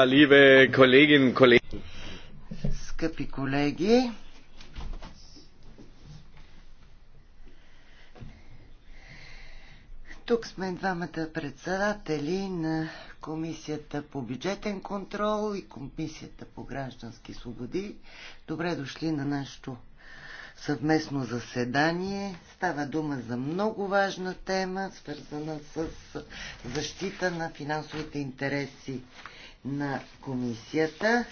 liebe Kolleginnen und Kollegen. Скъпи колеги, тук сме двамата председатели на Комисията по бюджетен контрол и Комисията по граждански свободи. Добре дошли на нашето съвместно заседание. Става дума за много важна тема, свързана с защита на финансовите интереси на комисията.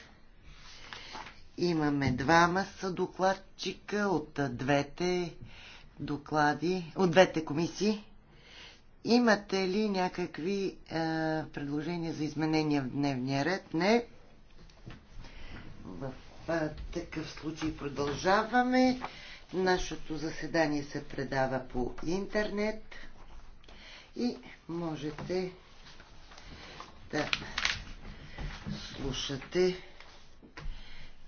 Имаме двама са докладчика от двете доклади, от двете комисии. Имате ли някакви е, предложения за изменения в дневния ред? Не. В е, такъв случай продължаваме. Нашето заседание се предава по интернет и можете да слушате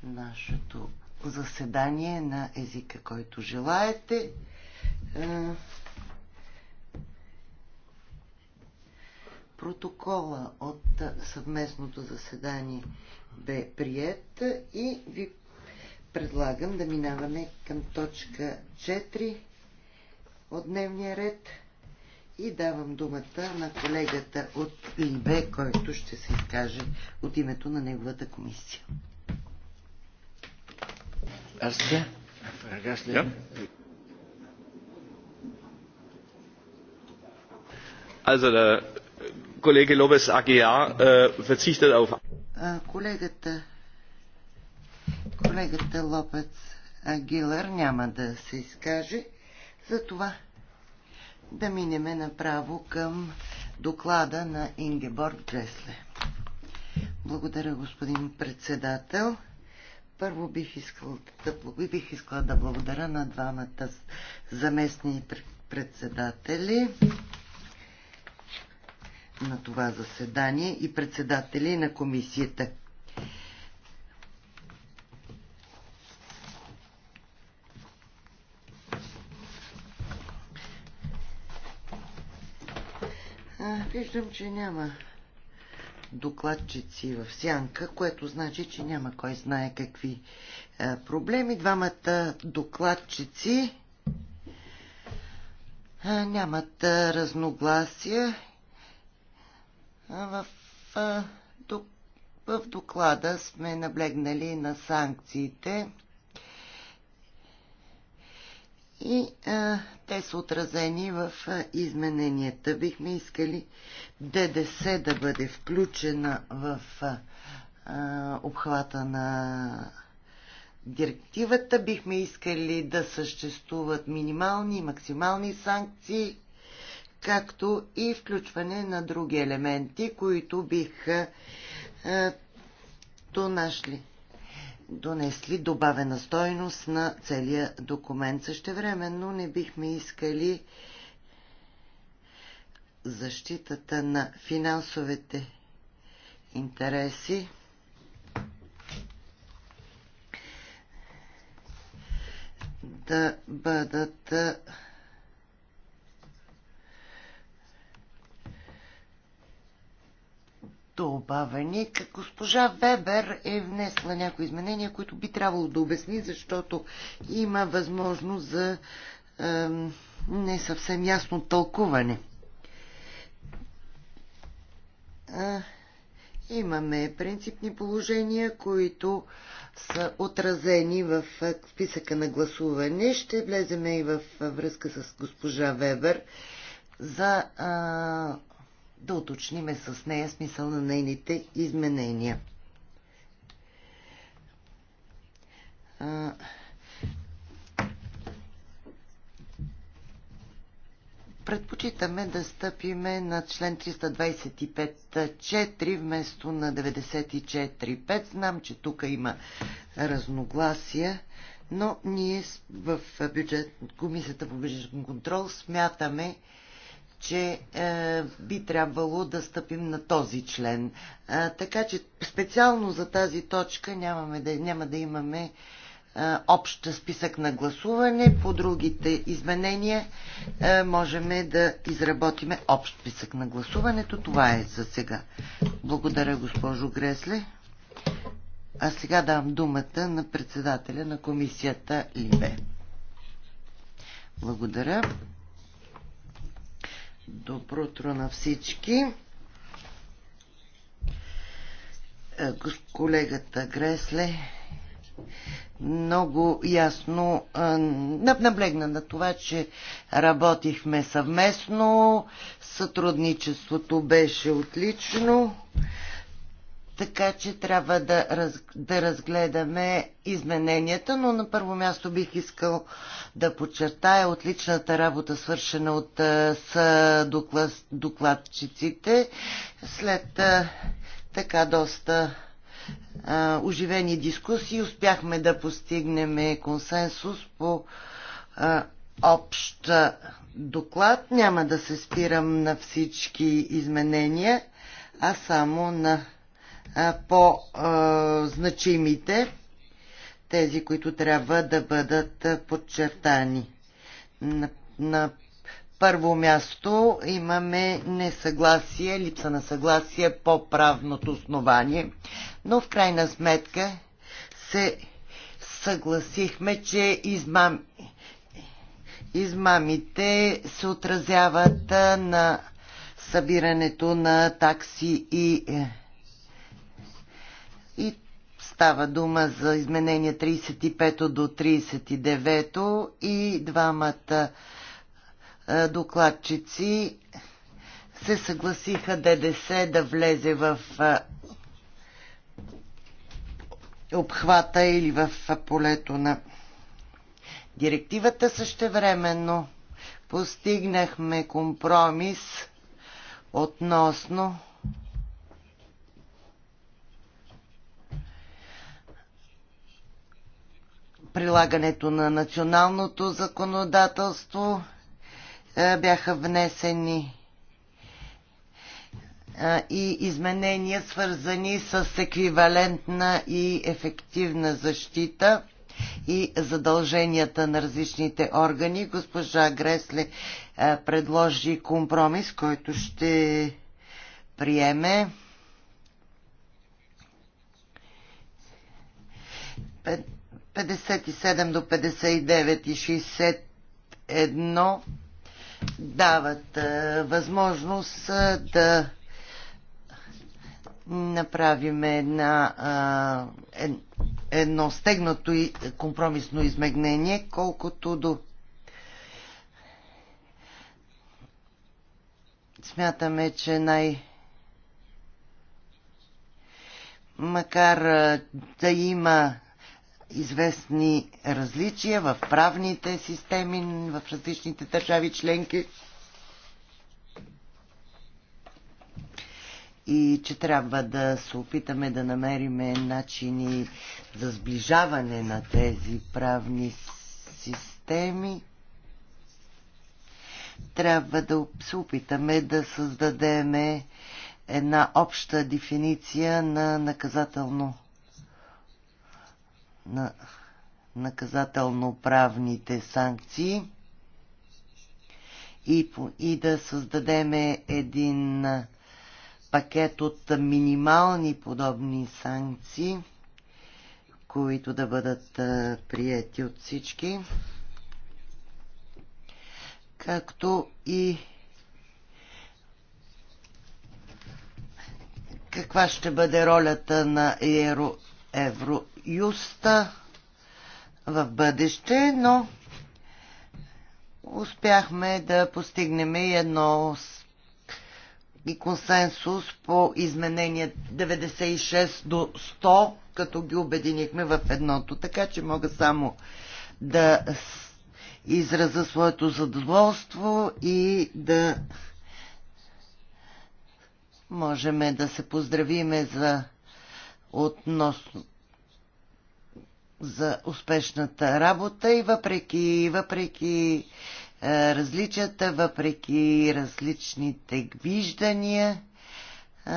нашето заседание на езика, който желаете. Е, протокола от съвместното заседание бе прият и ви предлагам да минаваме към точка 4 от дневния ред – и давам думата на колегата от ИБ, който ще се изкаже от името на неговата комисия. Аз да. Аз да. Also der Kollege Lopez Aguiar äh, verzichtet auf. Колегата, колегата Лопец Агилър няма да се изкаже, затова да минеме направо към доклада на Ингеборг Джесле. Благодаря, господин председател. Първо бих искала да, бих искала да благодаря на двамата заместни председатели на това заседание и председатели на комисията Виждам, че няма докладчици в сянка, което значи, че няма кой знае какви е, проблеми. Двамата докладчици е, нямат е, разногласия в, в доклада сме наблегнали на санкциите и а, те са отразени в а, измененията. Бихме искали ДДС да бъде включена в а, а, обхвата на директивата. Бихме искали да съществуват минимални и максимални санкции, както и включване на други елементи, които биха а, то нашли донесли добавена стойност на целия документ. Същевременно не бихме искали защитата на финансовите интереси да бъдат добавени. Госпожа Вебер е внесла някои изменения, които би трябвало да обясни, защото има възможност за е, не съвсем ясно тълкуване. А, имаме принципни положения, които са отразени в е, списъка на гласуване. Ще влеземе и в е, връзка с госпожа Вебер за а, да уточниме с нея смисъл на нейните изменения. предпочитаме да стъпиме на член 325.4 вместо на 94.5. Знам, че тук има разногласия, но ние в бюджет, комисията по бюджетен контрол смятаме, че е, би трябвало да стъпим на този член. Е, така че специално за тази точка нямаме да, няма да имаме е, общ списък на гласуване. По другите изменения е, можем да изработиме общ списък на гласуването. Това е за сега. Благодаря, госпожо Гресле. А сега давам думата на председателя на комисията Либе. Благодаря. Добро утро на всички. Е, колегата Гресле много ясно е, наблегна на това, че работихме съвместно, сътрудничеството беше отлично. Така че трябва да, раз, да разгледаме измененията, но на първо място бих искал да подчертая отличната работа, свършена от с доклад, докладчиците, след така доста а, оживени дискусии успяхме да постигнем консенсус по а, общ доклад. Няма да се спирам на всички изменения, а само на по-значимите, тези, които трябва да бъдат подчертани. На, на първо място имаме несъгласие, липса на съгласие по правното основание, но в крайна сметка се съгласихме, че измам... измамите се отразяват на събирането на такси и е, Става дума за изменения 35 до 39 и двамата е, докладчици се съгласиха ДДС да влезе в е, обхвата или в полето на директивата същевременно. Постигнахме компромис относно прилагането на националното законодателство е, бяха внесени е, и изменения, свързани с еквивалентна и ефективна защита и задълженията на различните органи. Госпожа Гресле е, предложи компромис, който ще приеме. Пет 57 до 59 и 61 дават е, възможност е, да направим една, е, едно стегнато и компромисно измегнение, колкото до смятаме, че най- макар да има известни различия в правните системи в различните държави членки и че трябва да се опитаме да намериме начини за сближаване на тези правни системи. Трябва да се опитаме да създадеме една обща дефиниция на наказателно на наказателно-правните санкции и, и да създадеме един пакет от минимални подобни санкции, които да бъдат прияти от всички, както и каква ще бъде ролята на Евро, Евро, юста в бъдеще, но успяхме да постигнем едно и консенсус по изменение 96 до 100, като ги обединихме в едното. Така че мога само да израза своето задоволство и да можем да се поздравиме за относно за успешната работа и въпреки, въпреки е, различията, въпреки различните виждания, е,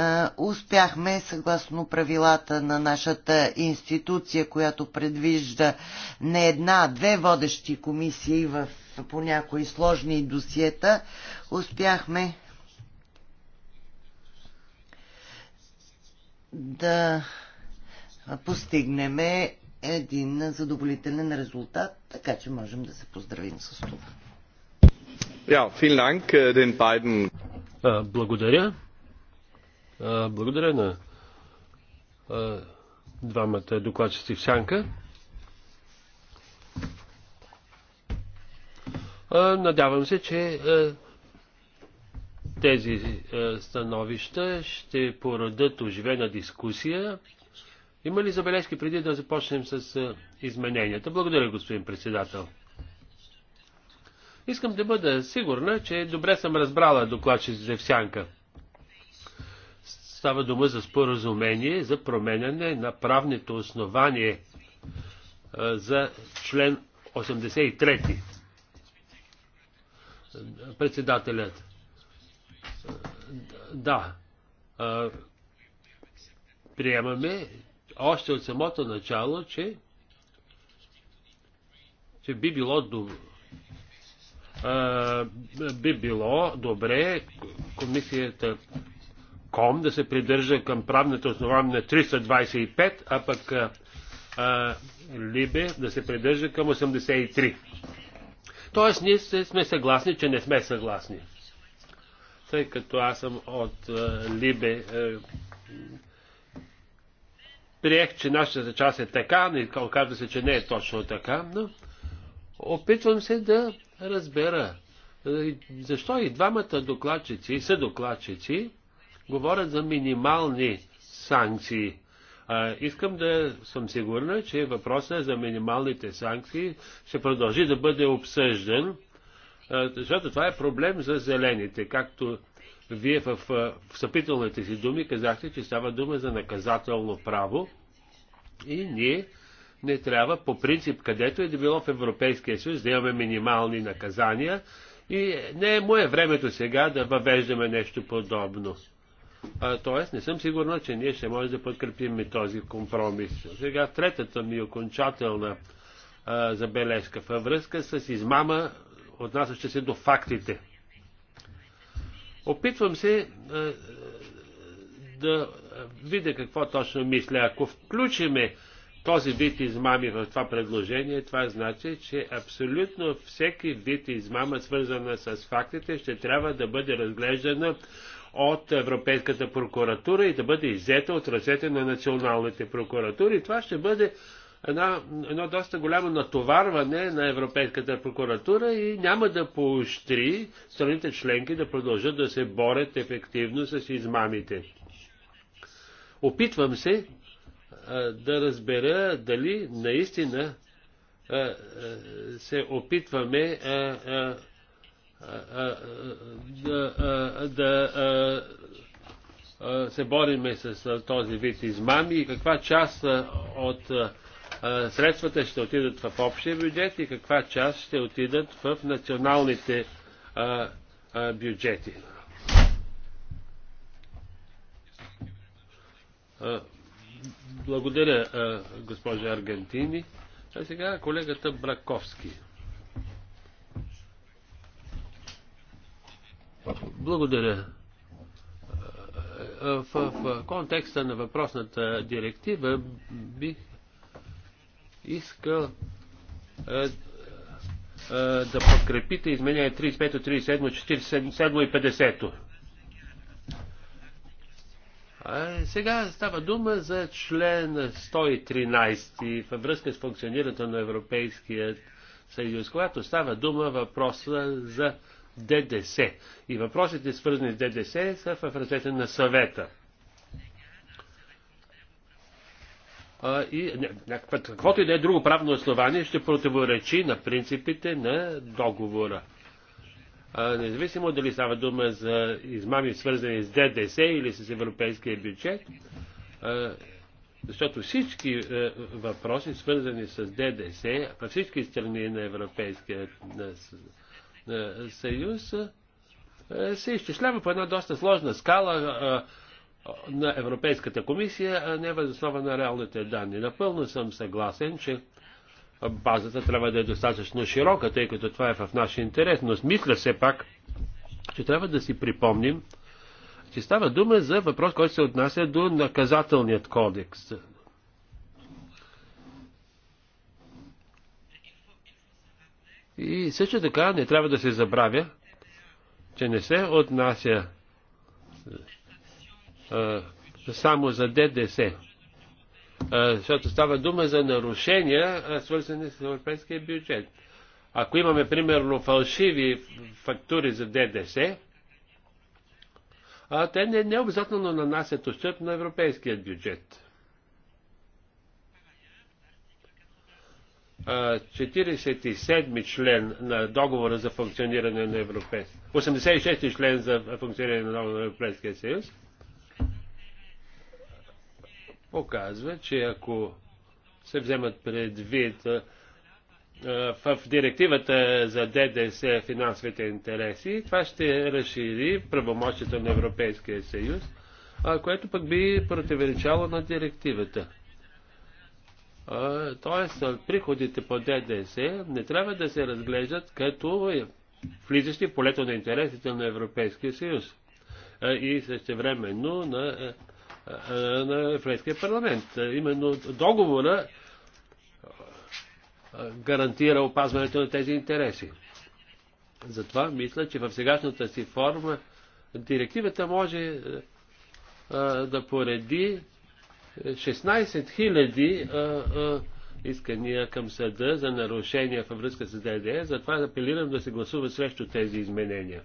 е, успяхме, съгласно правилата на нашата институция, която предвижда не една, а две водещи комисии в, по някои сложни досиета, успяхме да постигнем един задоволителен резултат, така че можем да се поздравим с това. Ja, vielen Dank äh, den beiden. Благодаря. Благодаря на двамата докладчици в Сянка. Надявам се, че тези е, становища ще породят оживена дискусия. Има ли забележки преди да започнем с е, измененията? Благодаря, господин председател. Искам да бъда сигурна, че добре съм разбрала докладчиците в сянка. Става дума за споразумение за променяне на правното основание за член 83. Председателят. Да, приемаме още от самото начало, че, че би било добро би било добре комисията КОМ да се придържа към правната основание на 325, а пък а, Либе да се придържа към 83. Тоест, ние сме съгласни, че не сме съгласни тъй като аз съм от е, Либе. Е, приех, че нашата част е така, не оказва се, че не е точно така, но опитвам се да разбера е, защо и двамата докладчици и докладчици говорят за минимални санкции. А, искам да съм сигурна, че въпросът за минималните санкции ще продължи да бъде обсъждан е, защото това е проблем за зелените, както вие в е, встъпителните си думи казахте, че става дума за наказателно право и ние не трябва по принцип, където е да било в Европейския съюз, да имаме минимални наказания и не е му е времето сега да въвеждаме нещо подобно. А, тоест, не съм сигурна, че ние ще можем да подкрепим и този компромис. Сега третата ми окончателна а, забележка във връзка с измама отнасящи се до фактите. Опитвам се е, да видя какво точно мисля. Ако включиме този вид измами в това предложение, това значи, че абсолютно всеки вид измама, свързана с фактите, ще трябва да бъде разглеждана от Европейската прокуратура и да бъде иззета от ръцете на националните прокуратури. Това ще бъде една, едно доста голямо натоварване на Европейската прокуратура и няма да поощри страните членки да продължат да се борят ефективно с измамите. Опитвам се а, да разбера дали наистина а, а, се опитваме а, а, а, да, а, да а, се бориме с този вид измами и каква част от средствата ще отидат в общия бюджет и каква част ще отидат в националните бюджети. Благодаря, госпожа Аргентини. А сега колегата Браковски. Благодаря. В, в контекста на въпросната директива бих иска е, е, да подкрепите изменение 35, 37, 47 и 50. А сега става дума за член 113 във връзка с функционирането на Европейския съюз, когато става дума въпроса за ДДС. И въпросите свързани с ДДС са в ръцете на съвета. и каквото и да е друго правно основание ще противоречи на принципите на договора. Независимо дали става дума за измами свързани с ДДС или с европейския бюджет, защото всички е, въпроси свързани с ДДС във всички страни на Европейския съюз е, се изчислява по една доста сложна скала е, на Европейската комисия, а не възоснова на реалните данни. Напълно съм съгласен, че базата трябва да е достатъчно широка, тъй като това е в наш интерес, но мисля все пак, че трябва да си припомним, че става дума за въпрос, който се отнася до наказателният кодекс. И също така не трябва да се забравя, че не се отнася само за ДДС. Защото става дума за нарушения, свързани с европейския бюджет. Ако имаме, примерно, фалшиви фактури за ДДС, а те не, не обязателно нанасят ущърп на европейския бюджет. 47 член на договора за функциониране на Европейския 86 член за функциониране на Европейския съюз показва, че ако се вземат предвид в директивата за ДДС финансовите интереси, това ще разшири правомощията на Европейския съюз, което пък би противоречало на директивата. Тоест, приходите по ДДС не трябва да се разглеждат като влизащи в полето на интересите на Европейския съюз и същевременно на е, на Европейския парламент. Именно договора е, гарантира опазването на тези интереси. Затова мисля, че в сегашната си форма директивата може е, да пореди 16 000 искания към съда за нарушения във връзка с ДДС, затова апелирам да се гласува срещу тези изменения.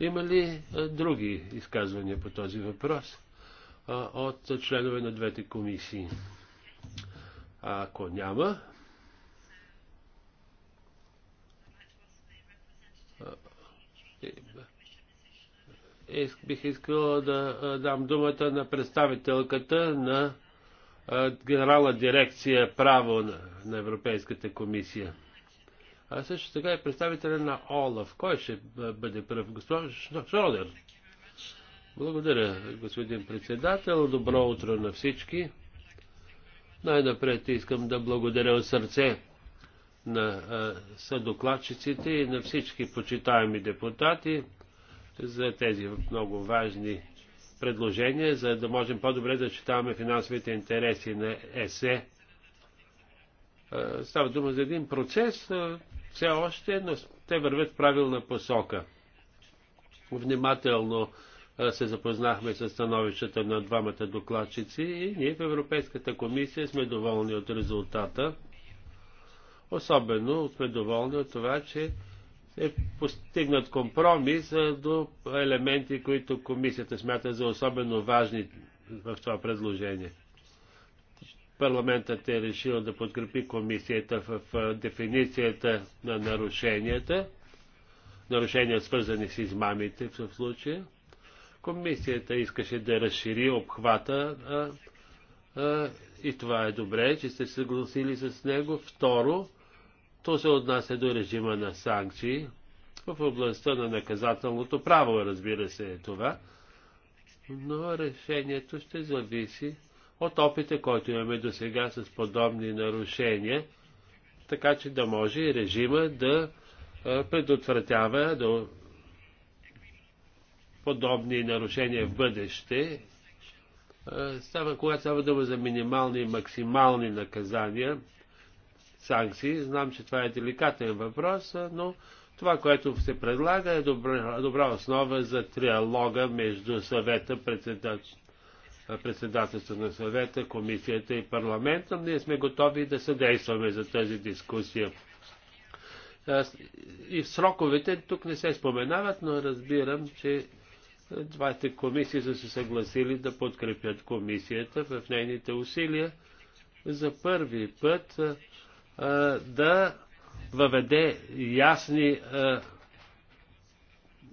Има ли други изказвания по този въпрос от членове на двете комисии? А ако няма, е, е, бих искал да дам думата на представителката на Генерална дирекция право на Европейската комисия а също така и е представителя на ОЛАФ. Кой ще бъде пръв? Господин Шродер. Благодаря, господин председател. Добро утро на всички. Най-напред искам да благодаря от сърце на съдокладчиците и на всички почитаеми депутати за тези много важни предложения, за да можем по-добре да читаваме финансовите интереси на ЕСЕ. Става дума за един процес, все още, но те вървят в правилна посока. Внимателно се запознахме с становищата на двамата докладчици и ние в Европейската комисия сме доволни от резултата. Особено сме доволни от това, че е постигнат компромис до елементи, които комисията смята за особено важни в това предложение. Парламентът е решил да подкрепи комисията в дефиницията на нарушенията, нарушения свързани с измамите в случая. Комисията искаше да разшири обхвата а, а, и това е добре, че сте съгласили с него. Второ, то се отнася до режима на санкции в областта на наказателното право, разбира се, е това. Но решението ще зависи от опита, който имаме до сега с подобни нарушения, така че да може режима да предотвратява до подобни нарушения в бъдеще. Става, когато става дума за минимални и максимални наказания, санкции, знам, че това е деликатен въпрос, но това, което се предлага, е добра, добра основа за триалога между съвета, председател, председателство на съвета, комисията и парламента. Ние сме готови да съдействаме за тази дискусия. И в сроковете тук не се споменават, но разбирам, че двете комисии са се съгласили да подкрепят комисията в нейните усилия за първи път да въведе ясни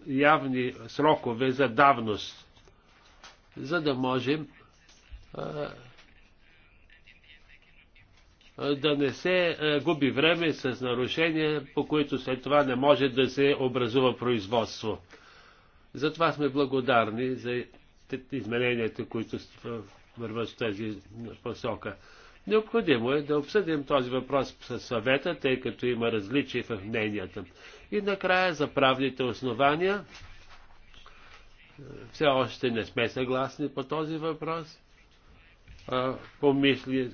явни срокове за давност за да можем а, да не се губи време с нарушения, по които след това не може да се образува производство. Затова сме благодарни за измененията, които върват в тази посока. Необходимо е да обсъдим този въпрос с съвета, тъй като има различия в мненията. И накрая за правните основания. Все още не сме съгласни по този въпрос.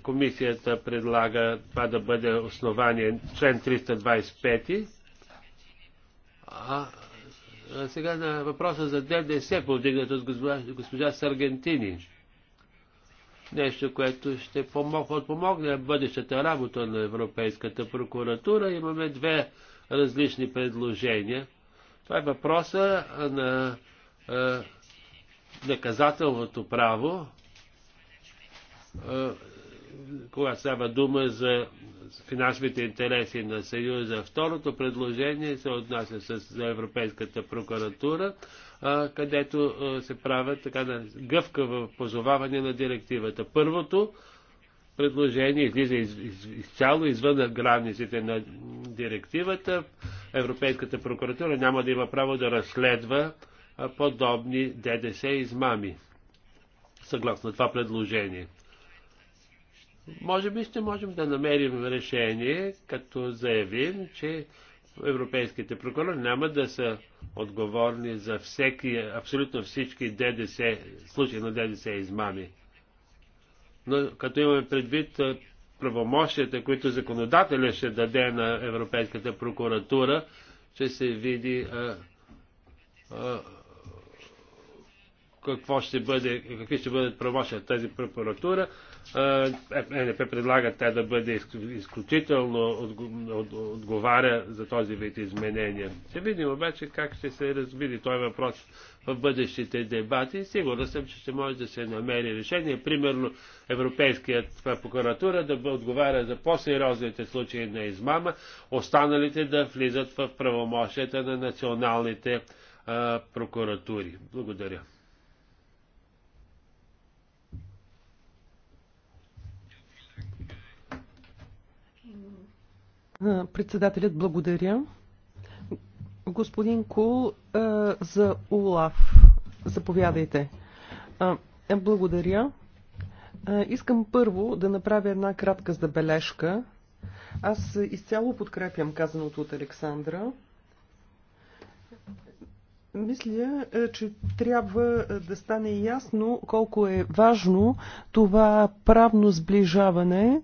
комисията предлага това да бъде основание член 325. А сега на въпроса за ДДС, повдигнат от госпожа, госпожа Саргентини. Нещо, което ще подпомогне бъдещата работа на Европейската прокуратура. Имаме две различни предложения. Това е въпроса на е, наказателното право, е, когато става дума за финансовите интереси на Съюза. Второто предложение се отнася с, за Европейската прокуратура, е, където се правят така да, гъвкаво позоваване на директивата. Първото предложение излиза из, из, изцяло извън границите на директивата. Европейската прокуратура няма да има право да разследва подобни ДДС измами, съгласно това предложение. Може би ще можем да намерим решение, като заявим, че европейските прокурори няма да са отговорни за всеки, абсолютно всички ДДС, случаи на ДДС измами. Но като имаме предвид правомощията, които законодателя ще даде на Европейската прокуратура, ще се види а, а, какво ще бъде, какви ще бъдат правоща тази прокуратура. Е, е НП предлага тя да бъде изключително отговаря за този вид изменения. Ще видим обаче как ще се разбиди този е въпрос в бъдещите дебати. Сигурно съм, че ще може да се намери решение. Примерно Европейският прокуратура да отговаря за по-сериозните случаи на измама, останалите да влизат в правомощията на националните прокуратури. Благодаря. Председателят благодаря. Господин Кул за ОЛАФ. Заповядайте. Благодаря. Искам първо да направя една кратка забележка. Аз изцяло подкрепям казаното от Александра. Мисля, че трябва да стане ясно колко е важно това правно сближаване,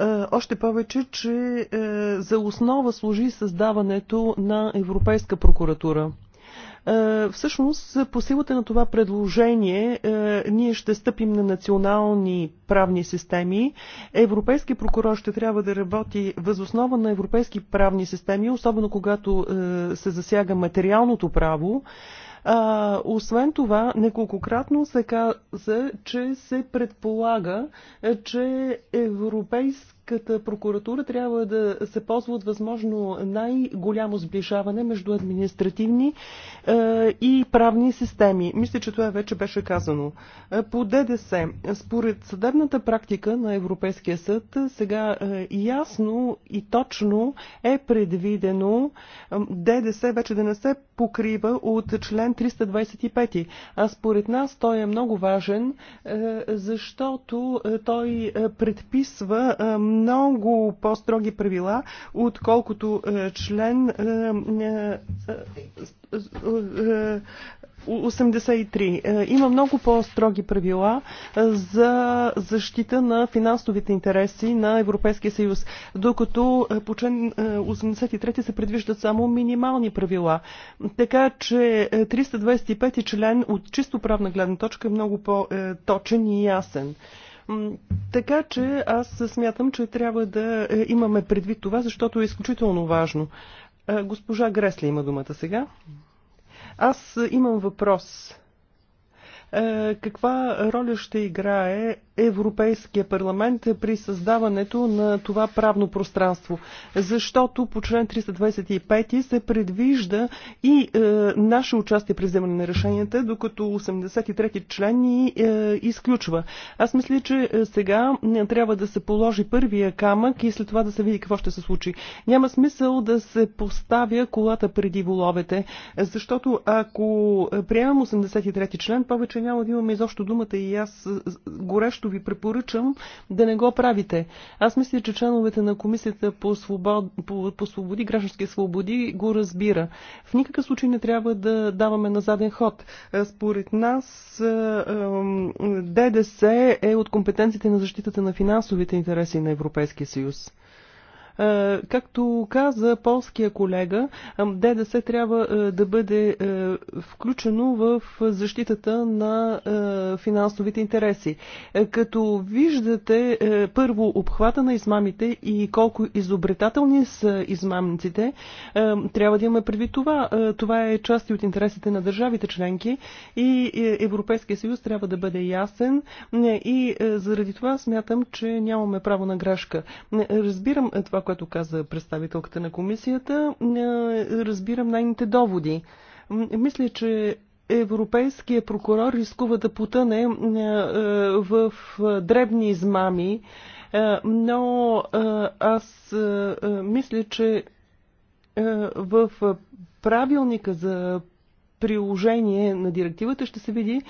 е, още повече, че е, за основа служи създаването на Европейска прокуратура. Е, всъщност, по силата на това предложение, ние ще стъпим на национални правни системи. Европейски прокурор ще трябва да работи възоснова на европейски правни системи, особено когато се засяга материалното право. А, освен това, неколкократно се каза, че се предполага, е, че европейски Европейската прокуратура трябва да се ползва от възможно най-голямо сближаване между административни е, и правни системи. Мисля, че това вече беше казано. Е, по ДДС, според съдебната практика на Европейския съд, е, сега ясно и точно е предвидено ДДС вече да не се покрива от член 325. А според нас той е много важен, защото той предписва много по-строги правила, отколкото е, член 83. Е, е, има много по-строги правила за защита на финансовите интереси на Европейския съюз, докато по член 83 се предвиждат само минимални правила. Така че 325 член от чисто правна гледна точка е много по-точен и ясен. Така че аз смятам, че трябва да е, имаме предвид това, защото е изключително важно. Е, госпожа Гресли има думата сега. Аз имам въпрос. Е, каква роля ще играе Европейския парламент при създаването на това правно пространство. Защото по член 325 се предвижда и е, наше участие при вземане на решенията, докато 83-ти член ни е, изключва. Аз мисля, че е, сега е, трябва да се положи първия камък и след това да се види какво ще се случи. Няма смисъл да се поставя колата преди воловете, защото ако е, приемам 83-ти член, повече няма да имаме изобщо думата и аз горещо ви препоръчам да не го правите. Аз мисля, че членовете на Комисията по, свобод... по, по свободи, граждански свободи го разбира. В никакъв случай не трябва да даваме на заден ход. Е, според нас е, е, ДДС е от компетенциите на защитата на финансовите интереси на Европейския съюз. Е, както каза полския колега, ДДС трябва е, да бъде е, включено в защитата на финансовите интереси. Като виждате първо обхвата на измамите и колко изобретателни са измамниците, трябва да имаме предвид това. Това е част от интересите на държавите членки и Европейския съюз трябва да бъде ясен и заради това смятам, че нямаме право на грешка. Разбирам това, което каза представителката на комисията, е, разбирам нейните доводи. Мисля, че Европейският прокурор рискува да потъне е, в дребни измами, е, но аз мисля, че в правилника за приложение на директивата ще се види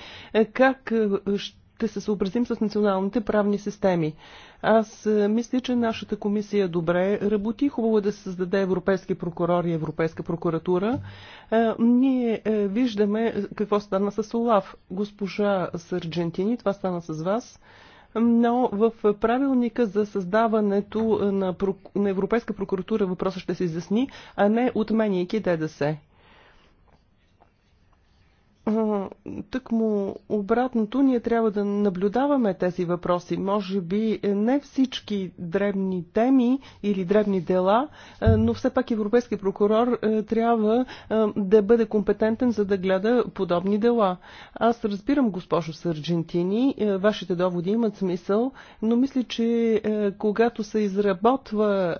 как ще се съобразим с националните правни системи. Аз е, мисля, че нашата комисия добре работи. Хубаво е да се създаде Европейски прокурор и Европейска прокуратура. Е, ние е, виждаме какво стана с Олаф. Госпожа Сърджентини, това стана с вас но в правилника за създаването на, на Европейска прокуратура въпроса ще се изясни, а не отменяйки ДДС. Тък му обратното, ние трябва да наблюдаваме тези въпроси. Може би не всички дребни теми или дребни дела, но все пак европейски прокурор трябва да бъде компетентен, за да гледа подобни дела. Аз разбирам, госпожо Сърджентини, вашите доводи имат смисъл, но мисля, че когато се изработва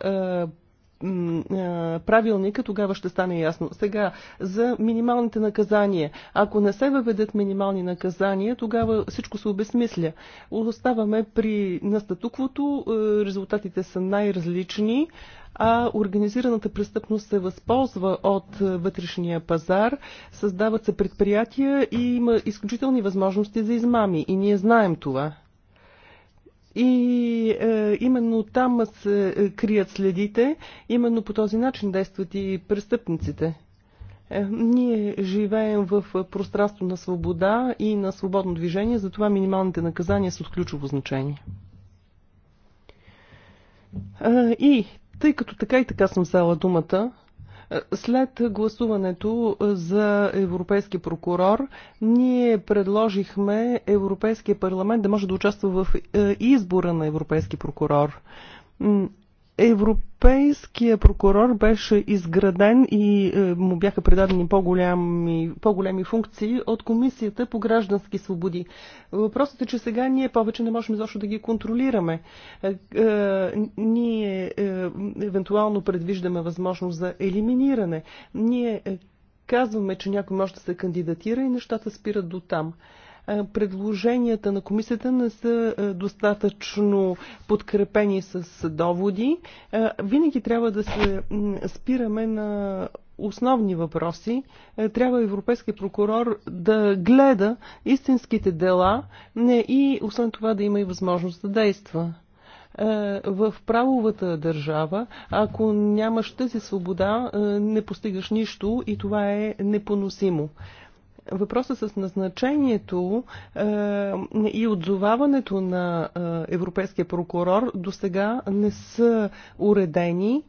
правилника, тогава ще стане ясно. Сега, за минималните наказания. Ако не се въведат минимални наказания, тогава всичко се обесмисля. Оставаме при настатуквото, е, резултатите са най-различни, а организираната престъпност се възползва от е, вътрешния пазар, създават се предприятия и има изключителни възможности за измами. И ние знаем това. И е, именно там се е, крият следите, именно по този начин действат и престъпниците. Е, ние живеем в пространство на свобода и на свободно движение, затова минималните наказания са от ключово значение. Е, и тъй като така и така съм взела думата, след гласуването за европейски прокурор, ние предложихме Европейския парламент да може да участва в е, избора на европейски прокурор. Европейския прокурор беше изграден и е, му бяха предадени по-големи, по-големи функции от Комисията по граждански свободи. Въпросът е, че сега ние повече не можем изобщо да ги контролираме. Е, е, ние евентуално предвиждаме възможност за елиминиране. Ние казваме, че някой може да се кандидатира и нещата спират до там предложенията на комисията не са достатъчно подкрепени с доводи. Винаги трябва да се спираме на основни въпроси. Трябва европейски прокурор да гледа истинските дела и освен това да има и възможност да действа в правовата държава, ако нямаш тази свобода, не постигаш нищо и това е непоносимо въпроса с назначението е, и отзоваването на е, европейския прокурор до сега не са уредени.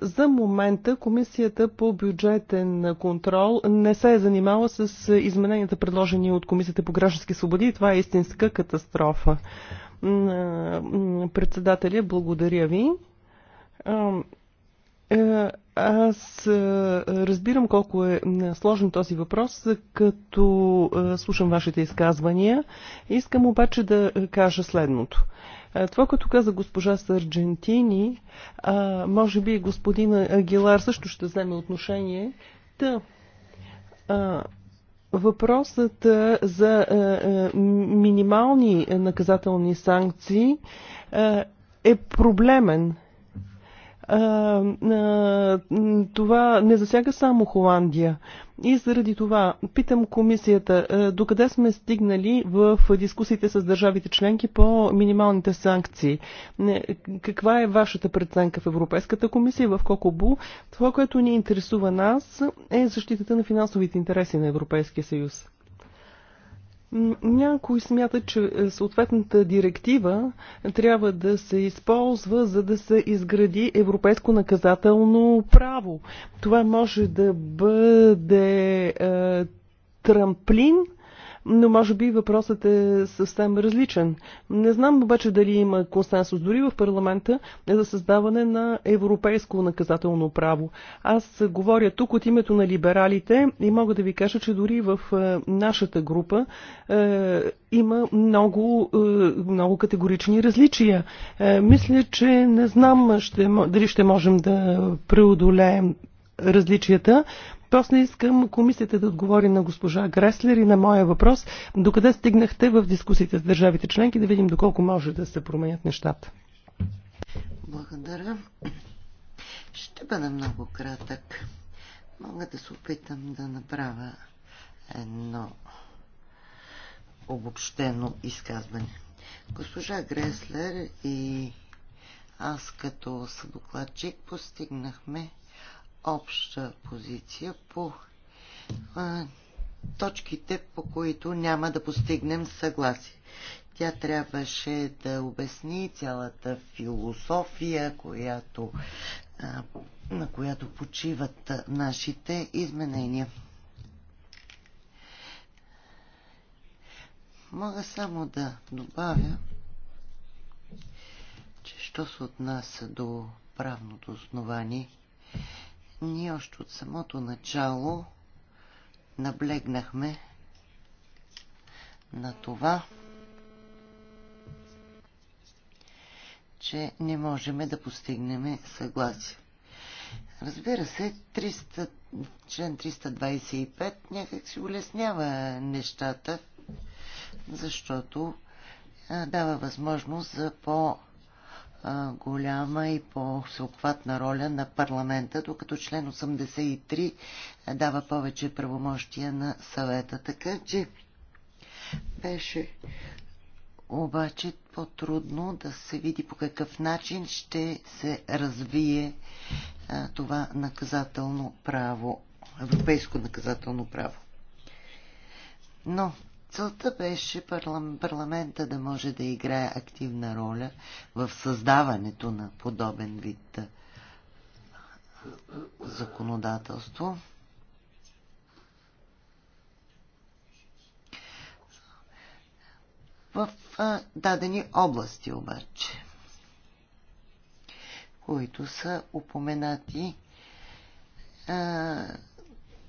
За момента Комисията по бюджетен контрол не се е занимала с измененията, предложени от Комисията по граждански свободи и това е истинска катастрофа. Председателя, благодаря ви е, аз разбирам колко е сложен този въпрос, като слушам вашите изказвания. Искам обаче да кажа следното. Това, като каза госпожа Сарджентини, може би господин Агилар също ще вземе отношение. Та, въпросът за минимални наказателни санкции е проблемен това не засяга само Холандия. И заради това питам комисията, докъде сме стигнали в дискусиите с държавите членки по минималните санкции? Каква е вашата преценка в Европейската комисия, в Кокобу? Това, което ни интересува нас, е защитата на финансовите интереси на Европейския съюз. Някой смята, че е, съответната директива трябва да се използва, за да се изгради европейско наказателно право. Това може да бъде е, трамплин но може би въпросът е съвсем различен. Не знам обаче дали има консенсус дори в парламента за създаване на европейско наказателно право. Аз говоря тук от името на либералите и мога да ви кажа, че дори в е, нашата група е, има много, е, много категорични различия. Е, мисля, че не знам ще, дали ще можем да преодолеем различията, после искам комисията да отговори на госпожа Греслер и на моя въпрос. Докъде стигнахте в дискусиите с държавите членки, да видим доколко може да се променят нещата. Благодаря. Ще бъда много кратък. Мога да се опитам да направя едно обобщено изказване. Госпожа Греслер и аз като съдокладчик постигнахме обща позиция по а, точките, по които няма да постигнем съгласие. Тя трябваше да обясни цялата философия, която, а, на която почиват нашите изменения. Мога само да добавя, че що се отнася до правното основание, ние още от самото начало наблегнахме на това, че не можем да постигнем съгласие. Разбира се, 300, член 325 някак си улеснява нещата, защото дава възможност за по- голяма и по-всеобхватна роля на парламента, докато член 83 дава повече правомощия на съвета. Така че беше обаче по-трудно да се види по какъв начин ще се развие това наказателно право, европейско наказателно право. Но Целта беше парламента да може да играе активна роля в създаването на подобен вид законодателство. В дадени области обаче, които са упоменати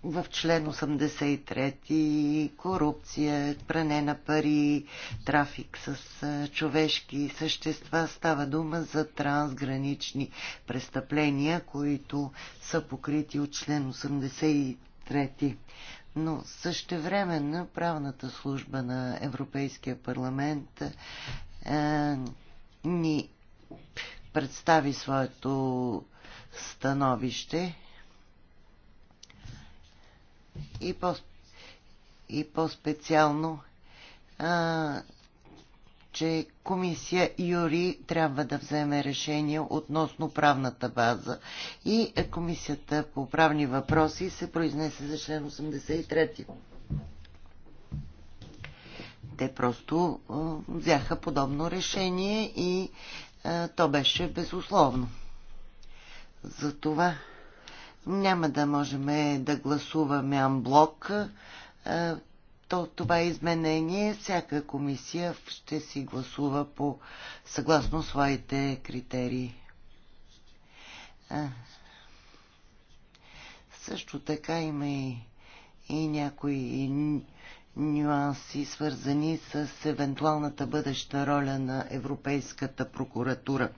в член 83 корупция, пране на пари, трафик с човешки същества. Става дума за трансгранични престъпления, които са покрити от член 83. Но същевременно правната служба на Европейския парламент е, ни представи своето становище и, по, и по-специално, че комисия Юри трябва да вземе решение относно правната база и комисията по правни въпроси се произнесе за член 83. Те просто взяха подобно решение и то беше безусловно. Затова няма да можем да гласуваме амблок е, то, това е изменение. Всяка комисия ще си гласува по съгласно своите критерии. А. Е, също така има и, и някои нюанси, свързани с евентуалната бъдеща роля на Европейската прокуратура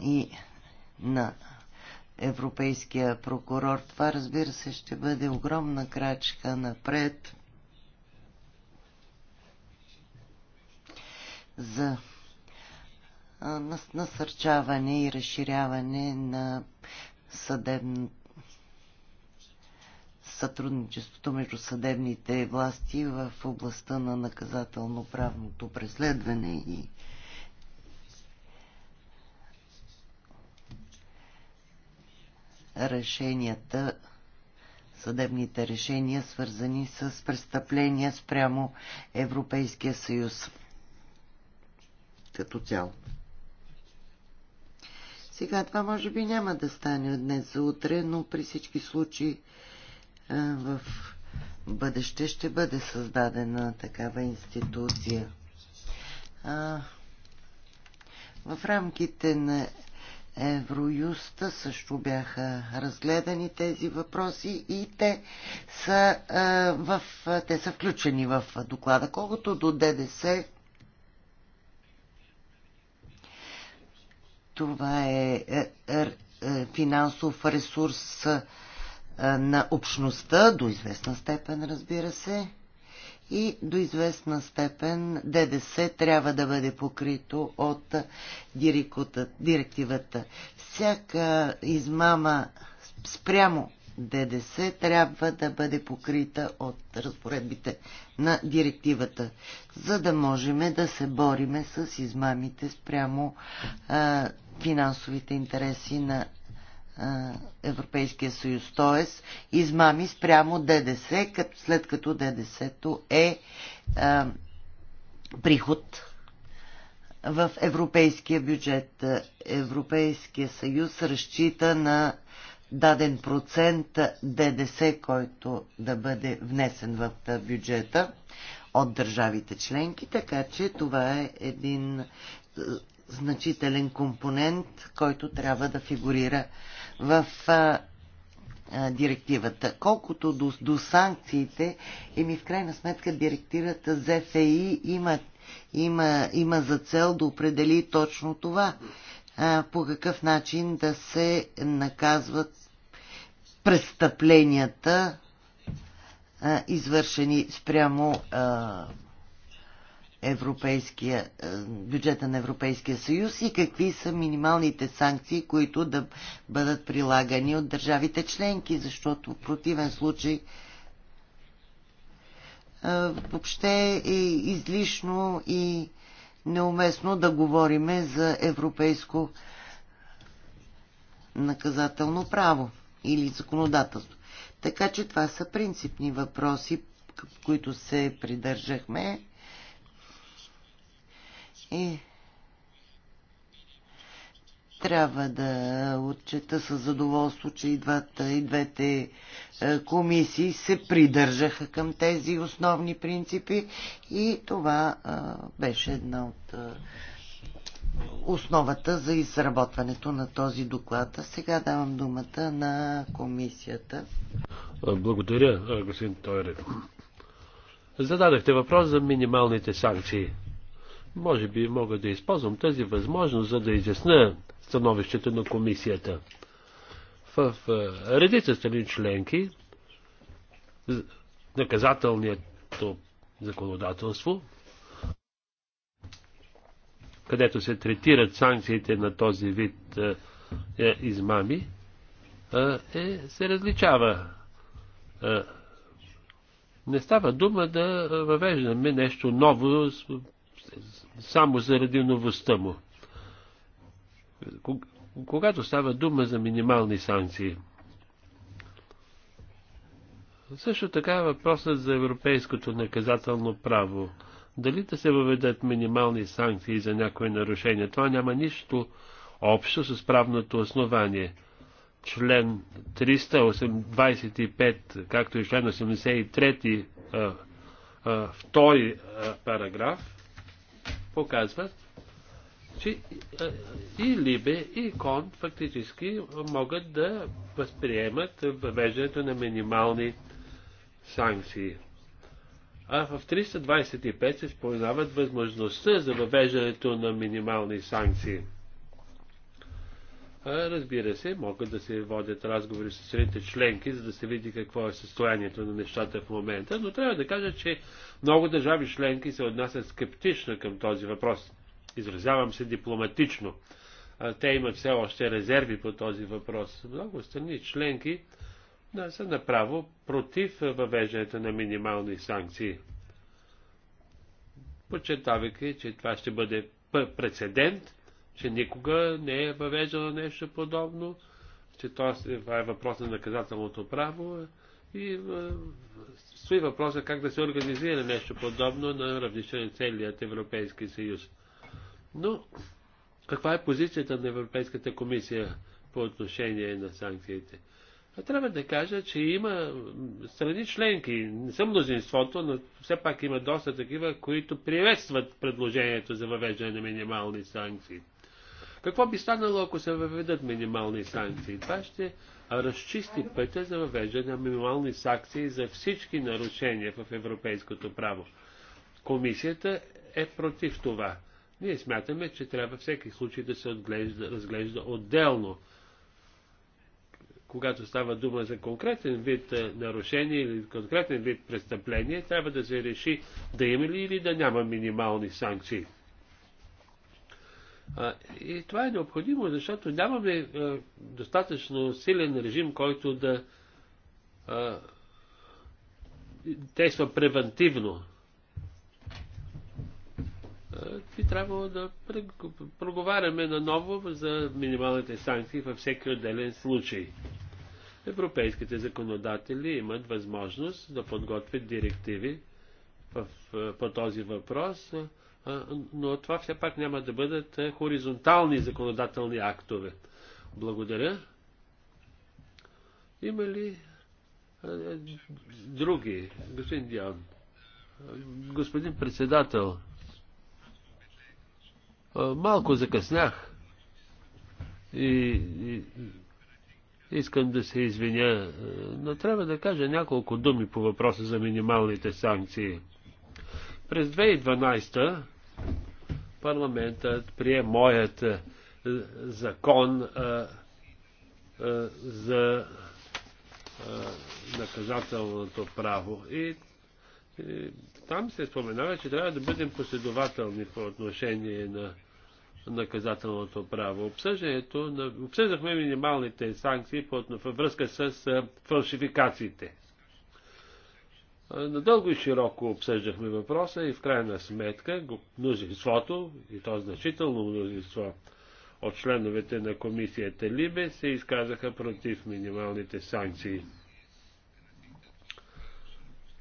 и на европейския прокурор. Това, разбира се, ще бъде огромна крачка напред за насърчаване и разширяване на съдебно сътрудничеството между съдебните власти в областта на наказателно-правното преследване и решенията, съдебните решения, свързани с престъпления спрямо Европейския съюз като цяло. Сега това може би няма да стане от днес за утре, но при всички случаи в бъдеще ще бъде създадена такава институция. В рамките на Евроюста също бяха разгледани тези въпроси и те са, е, в, те са включени в доклада. Колкото до ДДС, това е, е, е, е финансов ресурс е, на общността, до известна степен, разбира се и до известна степен ДДС трябва да бъде покрито от директивата. Всяка измама спрямо ДДС трябва да бъде покрита от разпоредбите на директивата, за да можем да се бориме с измамите спрямо а, финансовите интереси на Европейския съюз, т.е. измами спрямо ДДС, като след като ДДС-то е а, приход в европейския бюджет. Европейския съюз разчита на даден процент ДДС, който да бъде внесен в бюджета от държавите членки, така че това е един значителен компонент, който трябва да фигурира в а, а, директивата. Колкото до, до санкциите, еми в крайна сметка директивата ЗФИ има, има, има за цел да определи точно това. А, по какъв начин да се наказват престъпленията, извършени спрямо а, европейския, е, бюджета на Европейския съюз и какви са минималните санкции, които да бъдат прилагани от държавите членки, защото в противен случай е, въобще е излишно и неуместно да говориме за европейско наказателно право или законодателство. Така че това са принципни въпроси, които се придържахме. И е. трябва да отчета с задоволство, че и, двата, и двете е, комисии се придържаха към тези основни принципи и това е, беше една от основата за изработването на този доклад. А сега давам думата на комисията. Благодаря, господин Тойре. Зададахте въпрос за минималните санкции. Може би мога да използвам тази възможност, за да изясна становището на комисията. В е, редица страни членки наказателното законодателство, където се третират санкциите на този вид е, е измами, е, е, се различава. Не става дума да въвеждаме нещо ново само заради новостта му. Когато става дума за минимални санкции, също така е въпросът за европейското наказателно право. Дали да се въведат минимални санкции за някои нарушения? Това няма нищо общо с правното основание. Член 325, както и член 83, втори параграф, показват, че и Либе, и Кон фактически могат да възприемат въвеждането на минимални санкции. А в 325 се споменават възможността за въвеждането на минимални санкции – Разбира се, могат да се водят разговори с страните членки, за да се види какво е състоянието на нещата в момента, но трябва да кажа, че много държави членки се отнасят скептично към този въпрос. Изразявам се дипломатично. Те имат все още резерви по този въпрос. Много страни членки да, са направо против въвеждането на минимални санкции. Подчертавайки, че това ще бъде прецедент, че никога не е въвеждала нещо подобно, че е, това е въпрос на наказателното право и е, стои въпроса как да се организира нещо подобно на равнище на целият Европейски съюз. Но каква е позицията на Европейската комисия по отношение на санкциите? А трябва да кажа, че има страни членки, не са мнозинството, но все пак има доста такива, които приветстват предложението за въвеждане на минимални санкции. Какво би станало, ако се въведат минимални санкции? Това ще разчисти пътя за въвеждане на минимални санкции за всички нарушения в европейското право. Комисията е против това. Ние смятаме, че трябва всеки случай да се отглежда, разглежда отделно. Когато става дума за конкретен вид е, нарушение или конкретен вид престъпление, трябва да се реши да има ли или да няма минимални санкции. И това е необходимо, защото нямаме достатъчно силен режим, който да действа превентивно. Би трябва да проговаряме наново за минималните санкции във всеки отделен случай. Европейските законодатели имат възможност да подготвят директиви в, по този въпрос, но това все пак няма да бъдат хоризонтални законодателни актове. Благодаря. Има ли други? Господин Диан. Господин председател, малко закъснях и, и искам да се извиня, но трябва да кажа няколко думи по въпроса за минималните санкции. През 2012 Парламентът прие моят е, закон а, е, а, е, за а, наказателното право. И, и там се споменава, че трябва да бъдем последователни по отношение на наказателното право. Обсъждането на, обсъждахме минималните санкции по, във връзка с а, фалшификациите. Надълго и широко обсъждахме въпроса и в крайна сметка мнозинството, и то значително мнозинство от членовете на комисията Либе, се изказаха против минималните санкции.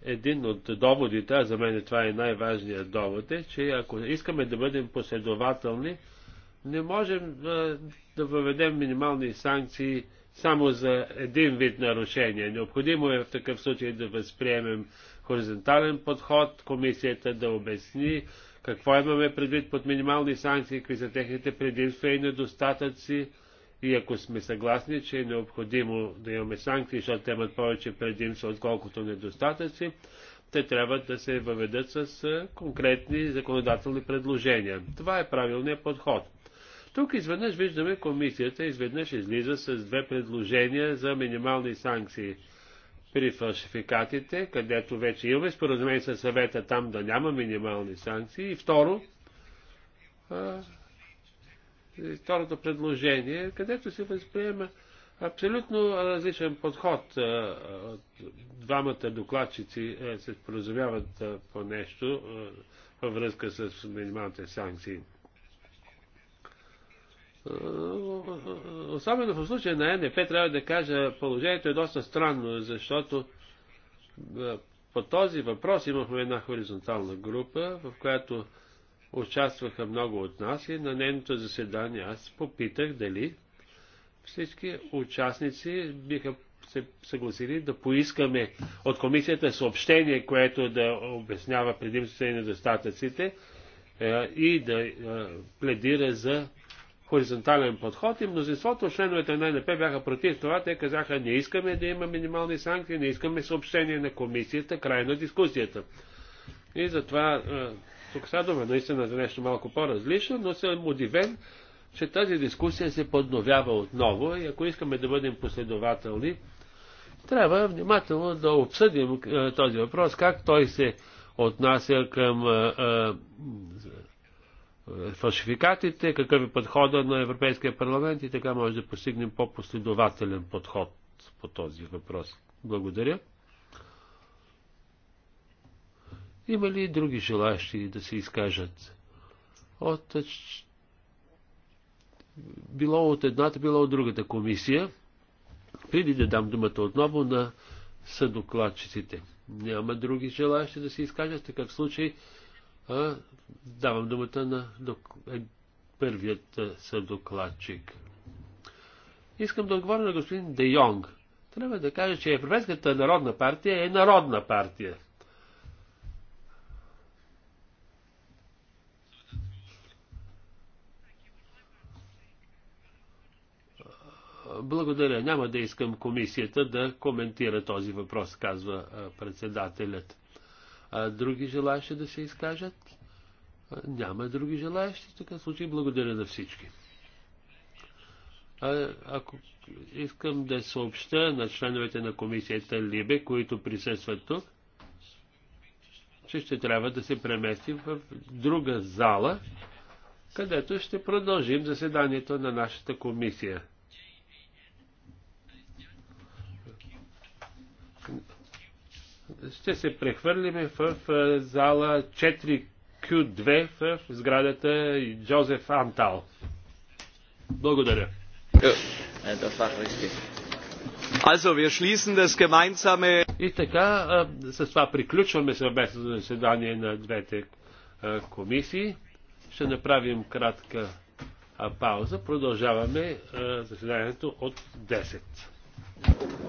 Един от доводите, а за мен това е най-важният довод, е, че ако искаме да бъдем последователни, не можем да въведем минимални санкции само за един вид нарушение. Необходимо е в такъв случай да възприемем хоризонтален подход, комисията да обясни какво имаме предвид под минимални санкции, какви са техните предимства и недостатъци. И ако сме съгласни, че е необходимо да имаме санкции, защото те имат повече предимства, отколкото недостатъци, те трябва да се въведат с конкретни законодателни предложения. Това е правилният подход. Тук изведнъж виждаме комисията, изведнъж излиза с две предложения за минимални санкции при фалшификатите, където вече имаме споразумение с съвета там да няма минимални санкции. И второ, а, и второто предложение, където се възприема абсолютно различен подход. от Двамата докладчици се споразумяват по нещо във връзка с минималните санкции. Е, особено в случая на НДП трябва да кажа, положението е доста странно, защото е, по този въпрос имахме една хоризонтална група, в която участваха много от нас и на нейното заседание аз попитах дали всички участници биха се съгласили да поискаме от комисията съобщение, което да обяснява предимствата и недостатъците е, и да пледира за хоризонтален подход и мнозинството членовете на НП бяха против това. Те казаха, не искаме да има минимални санкции, не искаме съобщение на комисията, край на дискусията. И затова тук са дума наистина за нещо малко по-различно, но съм удивен, че тази дискусия се подновява отново и ако искаме да бъдем последователни, трябва внимателно да обсъдим този въпрос, как той се отнася към е, фалшификатите, какъв е подхода на Европейския парламент и така може да постигнем по-последователен подход по този въпрос. Благодаря. Има ли други желащи да се изкажат? От... Е, било от едната, било от другата комисия. Преди да дам думата отново на съдокладчиците. Няма други желащи да се изкажат. В такъв случай а Давам думата на док... Е, първият е, съдокладчик. Искам да отговоря на господин Де Йонг. Трябва да кажа, че Европейската народна партия е народна партия. Благодаря. Няма да искам комисията да коментира този въпрос, казва председателят. А, други желаящи да се изкажат? няма други желаящи. В така случай благодаря на всички. А, ако искам да съобща на членовете на комисията Либе, които присъстват тук, че ще трябва да се преместим в друга зала, където ще продължим заседанието на нашата комисия. ще се прехвърлиме в зала 4Q2 в сградата Джозеф Антал. Благодаря. Also, wir schließen das gemeinsame... И така, а, с това приключваме съвместното заседание на двете а, комисии. Ще направим кратка а, пауза. Продължаваме а, заседанието от 10.